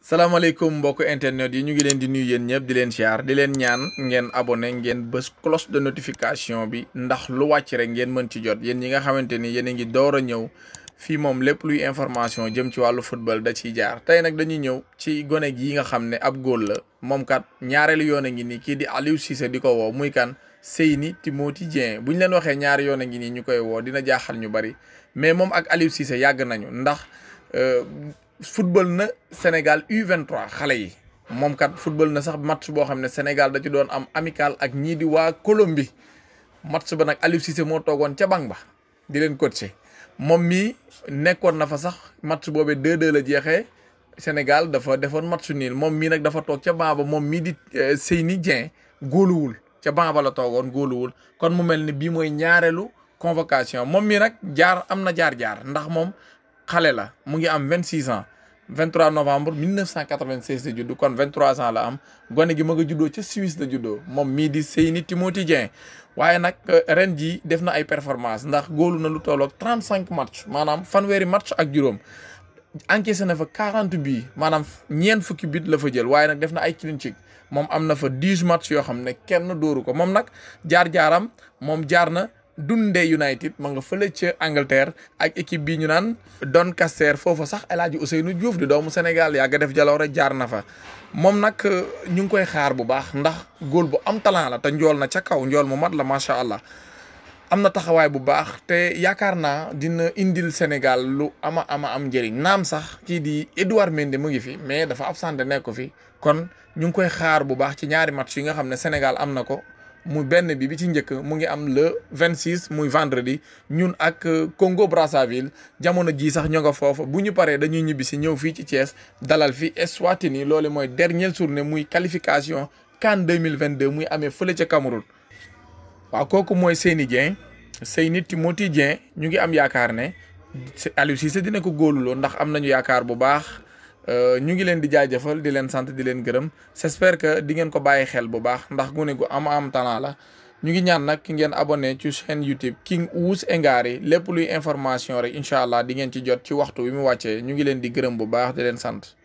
salaamaaleykum mbokk internet yi ñu ngi leen di nuyu yéen ñëpp di leen siyaar di leen ñaan ngeen abone ngeen bës cloche de notification bi ndax lu wàcc rek ngeen mën ci jot yéen ñi nga xamante ni yéen a ngi door a ñëw fii moom lépp luy information jëm ci wàllu football da ciy jaar tey nag dañuy ñëw ci gone yi nga xam ne ab góol la moom kat ñaareelu yoon a ngi nii kii di Aliou Cissé di ko woo muy kan Seyni Timothy Dieng bu ñu leen waxee ñaari yoon a ngi nii ñu koy woo dina jaaxal ñu bari mais moom ak Aliou Cissé yàgg nañu ndax. Euh, football na Sénégal U23 xale yi moom kat football na sax match boo xam ne Sénégal da ci doon am amical ak ñii di waa Colombie match ba nag Aliou Cissé moo toogoon ca banc ba di leen coacher moom mii nekkoon na fa sax match boobee 2-2 la jeexee Sénégal dafa defoon match niil moom mii nag dafa toog ca banc ba moom mii di euh, Seyni Dieng góoluwul ca banc ba la toogoon góoluwul kon mu mel ni bii mooy ñaareelu convocation moom mii nag jaar am na jaar-jaar ndax moom xale la mu ngi am vingt six ans vingt trois novembre mille neuf cent quatre kon vingt trois ans la am gone gi ma nga juddoo ca Suisse la juddoo moom mii di Seyni Timothy Dieng waaye nag euh, ren jii def na ay performance ndax góolu na lu tolloog trente cinq match maanaam fanweeri match ak juróom encaissé na fa quarante bi maanaam ñeen fukki bit la fa jël waaye nag def na ay clean moom am na fa dix match yoo xam ne kenn dóoru ko moom nag jaar jaaram moom jaar na. Dundee United ma nga fële ca Angleterre ak équipe bi ñu naan Doncaster foofu sax El Hadji Ousseynou Diouf di doomu Sénégal yàgg def a jaar na fa moom nag euh, ñu ngi koy xaar bu baax ndax góol bu am talent la te njool na ca kaw njool mu mat la macha allah am na taxawaay bu baax te yaakaar naa dina indil Sénégal lu ama ama am njëriñ naam sax kii di Edouard Mendy mu ngi fi mais dafa absenté nekk ko fi kon ñu ngi koy xaar bu baax ci ñaari match yi nga xam ne Sénégal am na ko. mu benn bi bi ci njëkk mu ngi am le 26 muy vendredi ñun ak euh, Congo Brazzaville jamono jii sax ñoo nga foofa bu ñu paree dañuy ñibbi si ñëw fii ci Thiès dalal fi Eswatini loolu mooy dernière journée muy qualification mille CAN 2022 muy amee fële ca Cameroun. waaw kooku mooy Seyni Dieng Seyni Timothy Dieng ñu ngi am yaakaar ne Aliou Cissé dina ko góoluloo ndax am nañu yaakaar bu baax. Euh, ñu ngi leen di jaajëfal di leen sant di leen gërëm j'espère que di ngeen ko bàyyi xel bu baax ndax gune gu am am talent la ñu ngi ñaan nag ki ngeen abonné ci chaîne YouTube King Wouss Ngary lépp luy information rek incha allah di ngeen ci jot ci waxtu wi mu wàccee ñu ngi leen di gërëm bu baax di leen sant